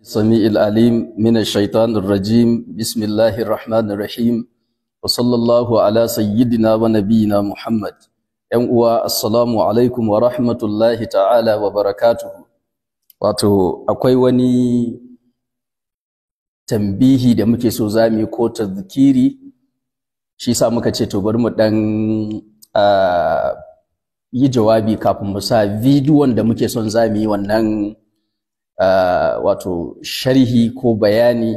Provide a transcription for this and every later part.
السميع العليم mina shaitanun rajim, بسم rahmanir rahim, الرحيم وصلى الله على سيدنا ونبينا ‘yan uwa assalamu alaikum wa rahmatullahi ta'ala wa barakatuhu wato akwai wani tambihi da muke so za mu yi ko tazkiri shi sa muka ce to bari mu dan yi jawabi kafin mu sa bidiyon da muke son za mu yi wannan Uh, wato sharhi ko bayani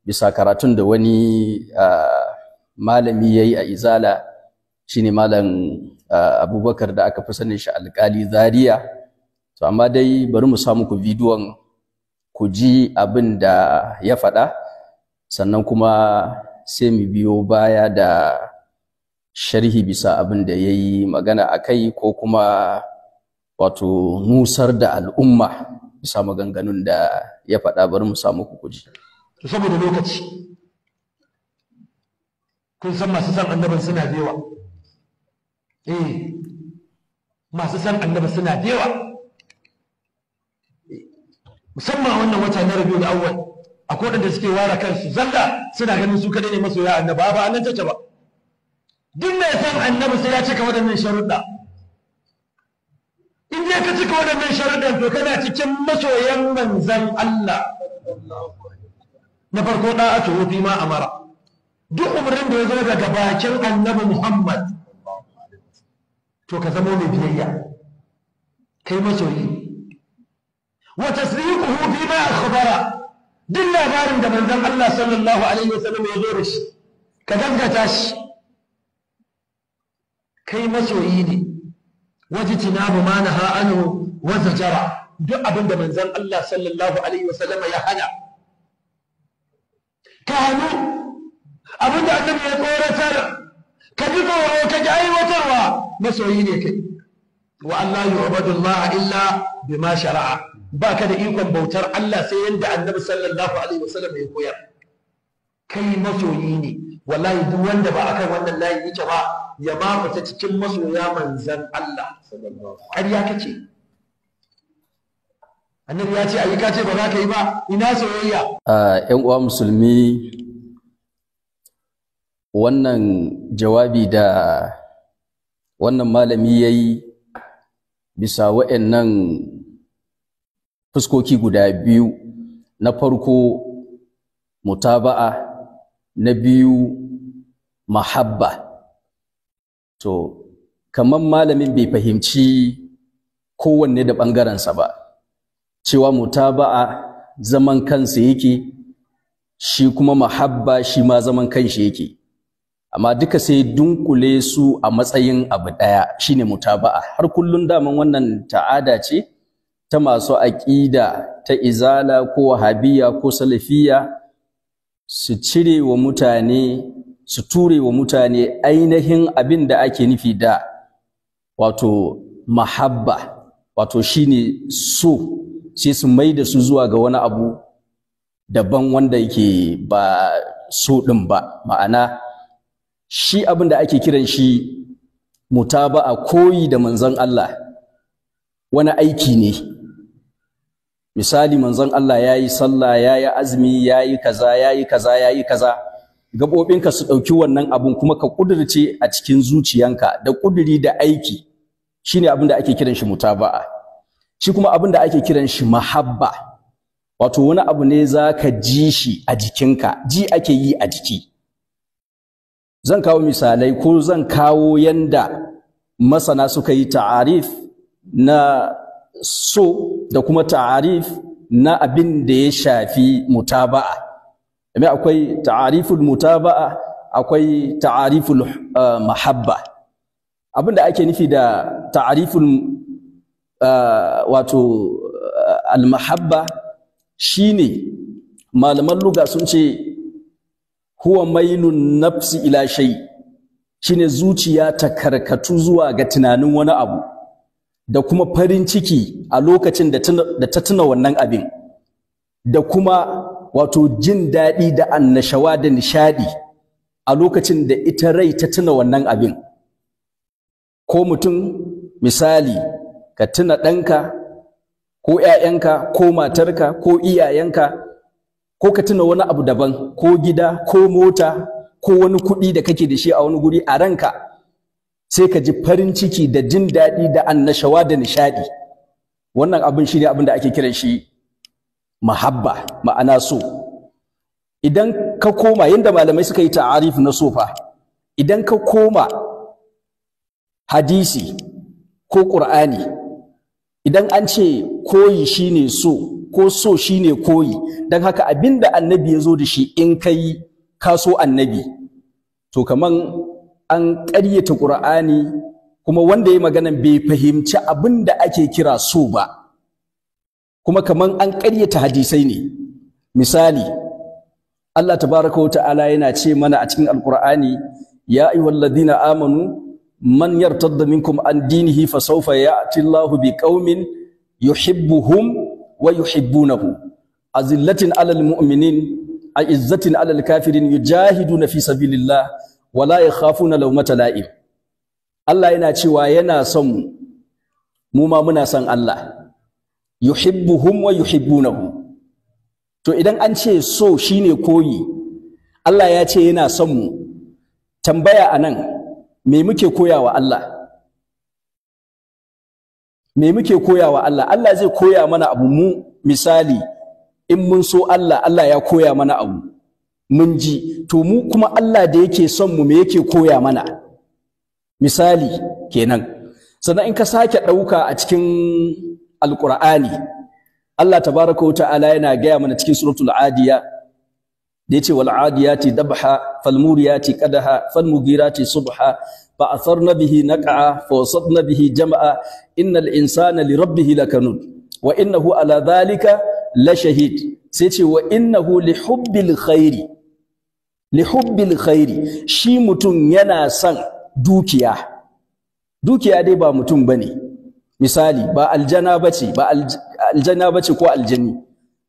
bisa karatun da wani uh, malami ya yi a izala shine malam uh, abubakar da aka fi sanin shi alkali Zariya. to amma dai bari mu samu ku bidiyon ku ji abin da ya faɗa sannan kuma sai mu biyo baya da sharhi bisa abin da ya yi magana a kai ko kuma wato nusar da al'umma bisa maganganun da ya faɗa bari mu samu ku kuji to saboda lokaci kun san masu san annaban suna da yawa eh masu san annabi suna da yawa musamman a wannan wata na rabiul awwal akwai wadanda suke wara kansu zalla suna ganin su kadai ne masoya annabi ba annan tace ba duk mai san annabi sai ya cika waɗannan sharuɗa dai ka cika waɗannan sharuɗan to kana cikin masoyan manzan Allah na farko da'a to fi ma amara duk umarnin da ya zo daga bakin annabi Muhammad to ka zama mai biyayya kai masoyi wa tasdiquhu fi ma akhbara duk labarin da manzan Allah sallallahu alaihi wa sallam ya zo da shi ka gaskata shi kai masoyi ne waji tinabu ma na ha'anu duk abin da manzon Allah sallallahu alaihi wasallam ya hana ka hannu abin da annabi ya tsoratar ka ji tsoro ka ji aiwatarwa masoyi ne kai wa Allah yu'badu Allah illa bima shara'a baka da ikon bautar Allah sai yanda annabi sallallahu alaihi wasallam ya koyar kai masoyi ne wallahi duk wanda ba akan wannan layi yake ba ya ma fita cikin masoya manzan Allah ƙarya kace annabi ya ce ayi kace ba za ka yi ba ina soyayya ƴan uwa musulmi wannan jawabi da wannan malami ya yi bisa wa'annan fuskoki guda biyu na farko mutaba'a na biyu mahabba to kamar malamin bai fahimci kowanne da ɓangarensa ba cewa mutaba'a zaman kansa yake shi kuma mahabba shi ma zaman kanshi yake amma duka sai dunkule su a matsayin abu ɗaya shine mutaba'a har kullun daman wannan ta'ada ce ta masu aƙida ta izala ko wahabiya ko salafiya su cire wa mutane su ture wa mutane ainihin abin da ake nufi da wato mahabba wato shine so sai su mai da su zuwa ga wani abu daban wanda yake ba so ɗin ba ma'ana shi abin da ake kiran shi mutaba'a koyi da manzon Allah wani aiki ne misali manzon Allah ya yi sallah ya yi azumi ya yi kaza ya yi kaza ya yi kaza gaɓoɓinka su ɗauki wannan abun kuma ka ƙudurce a cikin zuciyanka da ƙuduri da aiki shine abin da ake kiran shi mutaba'a shi kuma abin da ake kiran shi mahabba wato wani abu ne za ka ji shi a jikinka ji ake yi a jiki zan kawo misalai ko zan kawo yanda masana suka yi ta'arif na so da kuma ta'arif na abin da ya shafi mutaba'a domin akwai ta'ariful mutaba'a akwai ta'ariful eh, mahabba abin da ake nufi da ta'ariful eh, wato eh, almahabba shine malaman luga sun ce huwa mailun nafsi ila shay shine zuciya ta karkatu zuwa ga tunanin wani abu da kuma farin ciki a lokacin da ta tuna wannan abin da kuma wato jin daɗi da annashawa da nishaɗi a lokacin da ita rai ta tuna wannan abin ko mutum misali ka tuna ɗanka ko ‘ya'yanka ko matarka ko iyayenka ko ka tuna wani abu daban ko gida ko mota ko wani kuɗi da kake da shi a wani guri a ranka sai ka ji farin ciki da jin daɗi da annashawa da nishaɗi wannan abin shi ne abin da ake kiran shi mahabba ma'ana so idan ka koma yadda malamai suka yi ta'arif na sofa idan ka koma hadisi ko ƙur'ani idan an ce koyi shine so ko so shine koyi don haka abin da annabi ya zo da shi in ka kaso annabi to kaman an ƙaryata ƙur'ani kuma wanda ya magana bai fahimci abin da ake kira so ba kuma kaman an ƙaryata hadisai ne misali Allah tabaraka wa ta'ala yana ce mana a cikin alƙur'ani ya ayyuhalladhina amanu man yartadda minkum an dinihi fa sawfa ya'ti Allahu biqaumin yuhibbuhum wa yuhibbunahu azillatin alal mu'minin a'izzatin alal kafirin yujahiduna fi sabilillah wala na laumata la'im Allah yana cewa yana son mu mu ma muna son Allah yuhibbuhum wa yuhibbunahu to idan an ce so shine koyi Allah ya ce yana son mu tambaya anan me muke koyawa Allah me muke koyawa Allah Allah zai koya mana abu mu misali in mun so Allah Allah ya koya mana abu mun ji to mu kuma Allah da yake son mu me yake koya mana misali kenan sannan in ka sake ɗauka a cikin alƙur'ani Allah tabaraka ta'ala yana gaya mana cikin suratul adiya da yace wal adiyati dabha fal muriyati qadaha fal mugirati subha fa atharna bihi naq'a fa wasadna bihi jam'a innal insana li rabbihi lakanud wa innahu ala dhalika la shahid sai ce wa innahu li hubbil khairi lihubbil khairi shi mutum yana son dukiya dukiya dai ba mutum bane misali ba aljana bace ba aljana bace ko aljani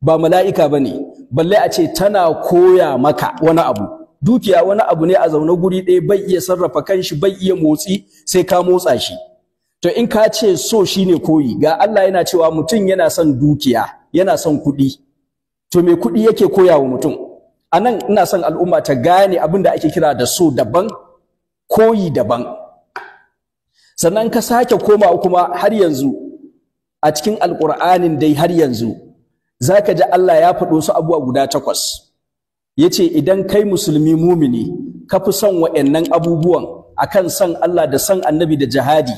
ba mala'ika bane balle a ce tana koya maka wani abu dukiya wani abu ne a zaune guri ɗaya bai iya sarrafa kanshi bai iya motsi sai ka motsa shi to in ka ce so shine koyi ga Allah yana cewa mutum yana son dukiya yana son kuɗi to me kuɗi yake koya wa mutum a nan ina son al'umma ta gane abin da ake kira da so daban koyi daban sannan ka sake koma kuma har yanzu a cikin alƙur'anin dai har yanzu za ka ji Allah ya faɗo su abuwa guda takwas ya ce idan kai musulmi mumini ka fi son wa'annan abubuwan akan son Allah da son annabi da jihadi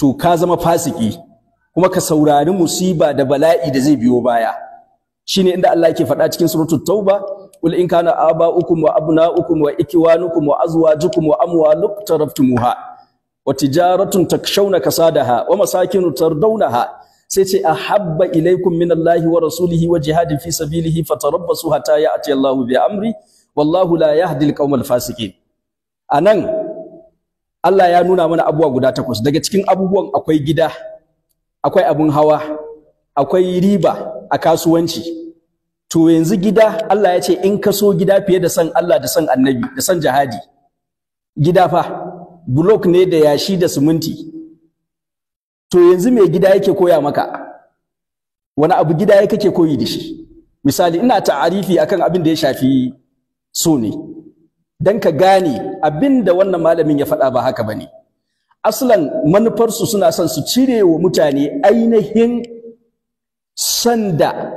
to ka zama fasiki kuma ka saurari musiba da bala'i da zai biyo baya shine inda Allah yake faɗa cikin suratul tauba qul in kana aba'ukum wa abna'ukum wa ikwanukum wa azwajukum wa amwalukum taraftumuha wa tijaratun takshawna kasadaha wa masakinu tardawnaha sai ce ahabba ilaikum min Allahi wa rasulihi wa jihadin fi sabilihi fatarabbasu hatta ya'ti Allahu bi amri wallahu la yahdi al fasiqin anan Allah ya nuna mana abubuwa guda takwas daga cikin abubuwan akwai gida akwai abun hawa akwai riba a kasuwanci to yanzu gida Allah ya ce in ka so gida fiye da san Allah da san annabi da san jihadi gida fa block ne da yashi da siminti to yanzu mai gida yake koya maka wani abu gida ya kake koyi da shi misali ina ta'arifi akan abin da ya shafi so ne dan ka gane abin da wannan malamin ya faɗa ba haka bane aslan manufarsu suna son su cire wa mutane ainihin sanda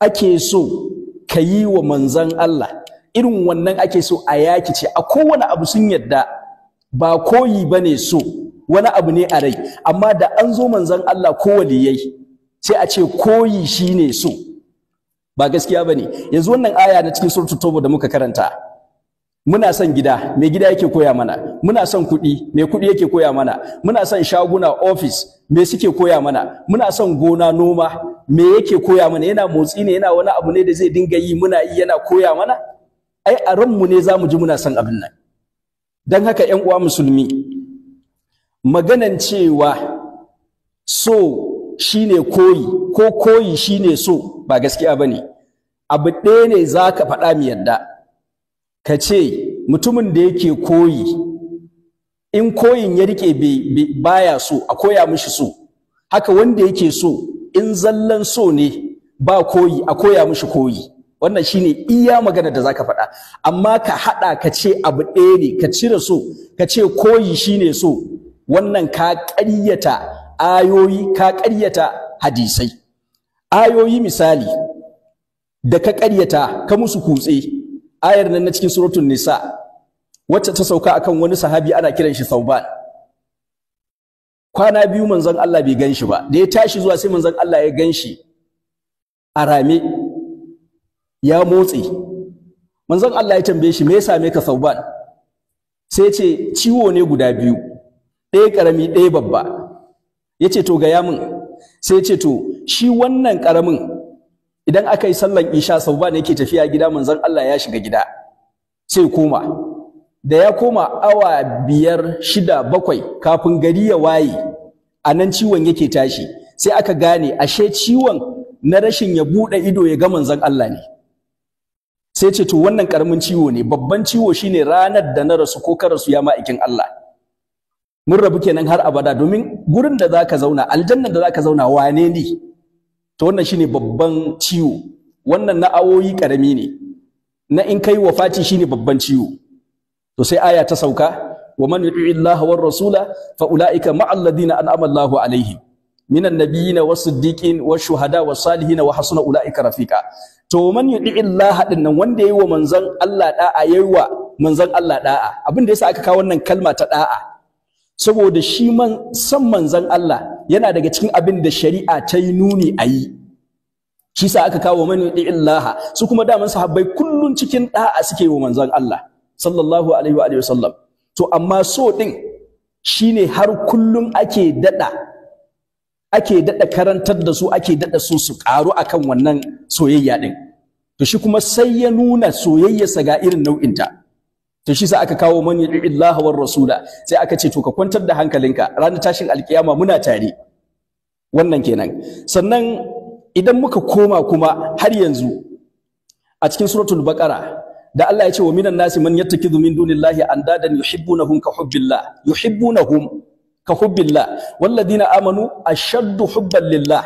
ake so ka yi wa manzan Allah irin wannan ake so a yaki ce a kowane abu sun yadda ba koyi ba ne so wani abu ne a rai amma da an zo manzan Allah ko waliyai sai a ce koyi shi ne so ba gaskiya ba ne yanzu wannan aya na cikin surutu toba da muka karanta muna son gida mai gida yake koya mana muna son kuɗi mai kuɗi yake koya mana muna son shaguna ofis. me suke koya mana muna son gona noma me yake koya mana yana motsi ne yana wani abu ne da zai dinga yi muna yi yana koya mana ai a ranmu ne za mu ji muna son abin nan don haka ‘yan uwa musulmi maganan cewa so shine koyi ko koyi shine so ba gaskiya ba ne abu ɗaya ne za ka faɗa mu yadda ka ce mutumin da yake koyi in koyin ya rike baya so a koya mishi so haka wanda yake so in zallan so ne ba koyi a koya mishi koyi wannan shine iya magana da zaka faɗa amma ka haɗa ka ce abu ɗaya ne ka cire so ka ce koyi shine so wannan ka ƙaryata ayoyi ka ƙaryata hadisai ayoyi misali da ka ƙaryata ka musu kutse ayar nan na cikin suratul nisa wacce ta sauka akan wani sahabi ana kiran shi sauban kwana biyu manzon Allah bai gan shi ba da ya tashi zuwa sai manzon Allah ya gan shi a rame ya motsi manzon Allah ya tambaye shi me ya same ka sauban sai ce ciwo ne guda biyu ɗaya ƙarami ɗaya babba ya ce to gaya min sai ce to shi wannan ƙaramin idan aka yi sallan isha sau ba ne yake tafiya gida manzon Allah ya shiga gida sai koma da ya koma awa biyar shida bakwai kafin gari ya waye a nan ciwon yake tashi sai aka gane ashe ciwon na rashin ya buɗe ido ya ga manzon Allah ne sai ce to wannan karamin ciwo ne babban ciwo shine ranar da na rasu ko ka rasu ya ma'aikin Allah mun rabu kenan har abada domin gurin da zaka zauna aljannan da zaka zauna wane ne to wannan shine babban ciwo wannan na'awoyi karami ne na in kai wafati shine babban ciwo to sai aya ta sauka wa man yuti Allah war rasula fa ulaika ma'al ladina an'ama Allahu alaihim minan nabiyina was siddiqin was shuhada was salihin wa hasuna ulaika rafiqa to man yuti Allah din nan wanda yayi wa manzon Allah da'a yayi wa manzon Allah da'a abin da yasa aka kawo wannan kalma ta da'a saboda shi man san manzon Allah yana daga cikin abin da shari'a ta yi nuni a yi shi sa aka kawo mani yuti illaha su kuma daman sahabbai kullun cikin da'a suke wa manzon Allah sallallahu alaihi wa alihi wasallam to amma so din shine har kullum ake dada ake dada karantar da su ake dada su su karu akan wannan soyayya din to shi kuma sai ya nuna soyayyarsa ga irin nau'inta to shi sa aka kawo mani Allah war rasula sai aka ce to ka kwantar da hankalinka ranar tashin alkiyama muna tare wannan kenan sannan idan muka koma kuma har yanzu a cikin suratul baqara da Allah ya ce wa minan nasi man yattakidu min dunillahi andadan yuhibbunahum ka hubbillah yuhibbunahum ka hubbillah walladina amanu ashaddu hubban lillah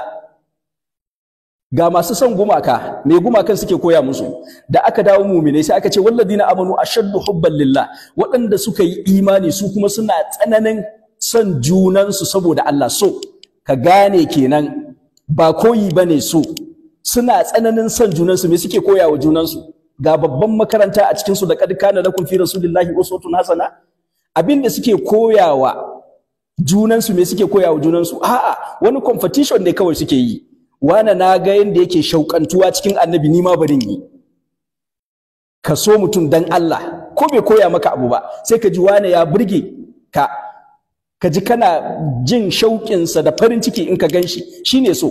ga masu son gumaka me gumakan suke koya musu da aka dawo mumine sai aka ce na amanu ashaddu hubban lillah waɗanda suka yi imani su kuma suna tsananin son junansu saboda Allah so ka gane kenan ba koyi bane so suna tsananin son junansu me suke koya wa junansu ga babban makaranta a cikin su da kad kana lakum fi rasulillahi uswatun hasana abin da suke koyawa junansu me suke koyawa junansu a'a wani competition ne kawai suke yi Wana na ga yadda yake shaukantuwa cikin annabi nima ma barin yi ka so mutum dan Allah ko bai koya maka abu ba sai ka ji wane ya burge ka ka ji kana jin shauƙinsa da farin ciki in ka gan shi shine so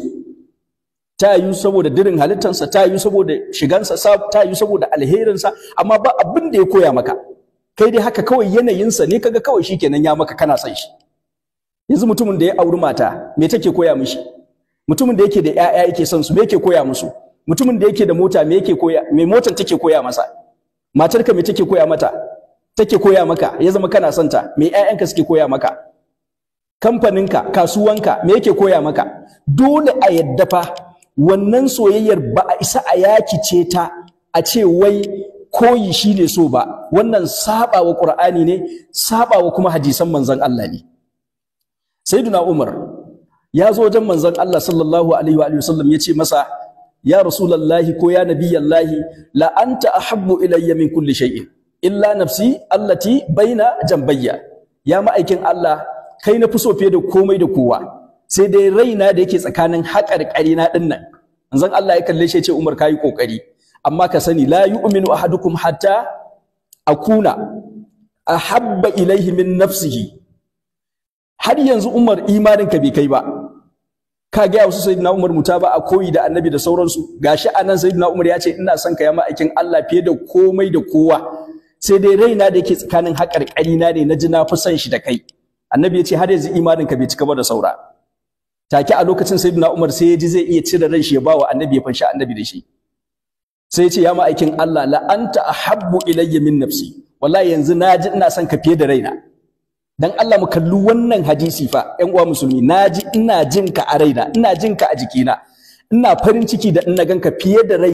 ta yi saboda dirin halittarsa, ta yi saboda shigansa ta yi saboda alherinsa amma ba abin da ya koya maka kai dai haka kawai yanayinsa ne kaga kawai shikenan ya maka kana son shi yanzu mutumin da ya auri mata me take koya mishi mutumin da yake da ƴaƴa yake son su me yake koya musu mutumin da yake da mota me yake koya me motar take koya masa matarka me take koya mata take koya maka ya zama kana son ta me ƴaƴanka suke koya maka kamfaninka kasuwanka me yake koya maka dole a yadda fa wannan soyayyar ba a isa a yaki ce ta a ce wai koyi shi ne so ba wannan saba wa qur'ani ne saba wa kuma hadisan manzon Allah ne sayyiduna umar ya zo wajen manzon Allah sallallahu alaihi wa sallam ya ce masa ya rasulullahi ko ya nabiyallahi la anta ahabbu ilayya min kulli shay'in illa nafsi allati baina jambayya ya ma'aikin Allah kai na fi so fiye da komai da kowa sai dai raina da yake tsakanin haƙar ƙarina ɗin nan manzon Allah ya kalle shi ya ce Umar yi kokari amma ka sani la yu'minu ahadukum hatta akuna ahabba ilaihi min nafsihi har yanzu Umar imanin ka bai kai ba ka gaya wasu sayyidina Umar ba a koyi da annabi da sauransu Ga gashi anan sayyidina Umar ya ce ina son ka ya aikin Allah fiye da komai da kowa sai dai raina da yake tsakanin haƙarƙari na ne na ji na fi son shi da kai annabi ya ce har yanzu imanin ka bai cika ba da saura take a lokacin sayyidina Umar sai ya ji zai iya cire ran shi ya bawa annabi ya fanshi annabi da shi sai ya ce ya aikin Allah la anta ahabbu ilayya min nafsi wallahi yanzu na ji ina son ka fiye da raina dan Allah mu kalli wannan hadisi fa ƴan uwa musulmi naji ina jinka a raina ina jinka a jikina ina farin ciki da ina ganka fiye da rai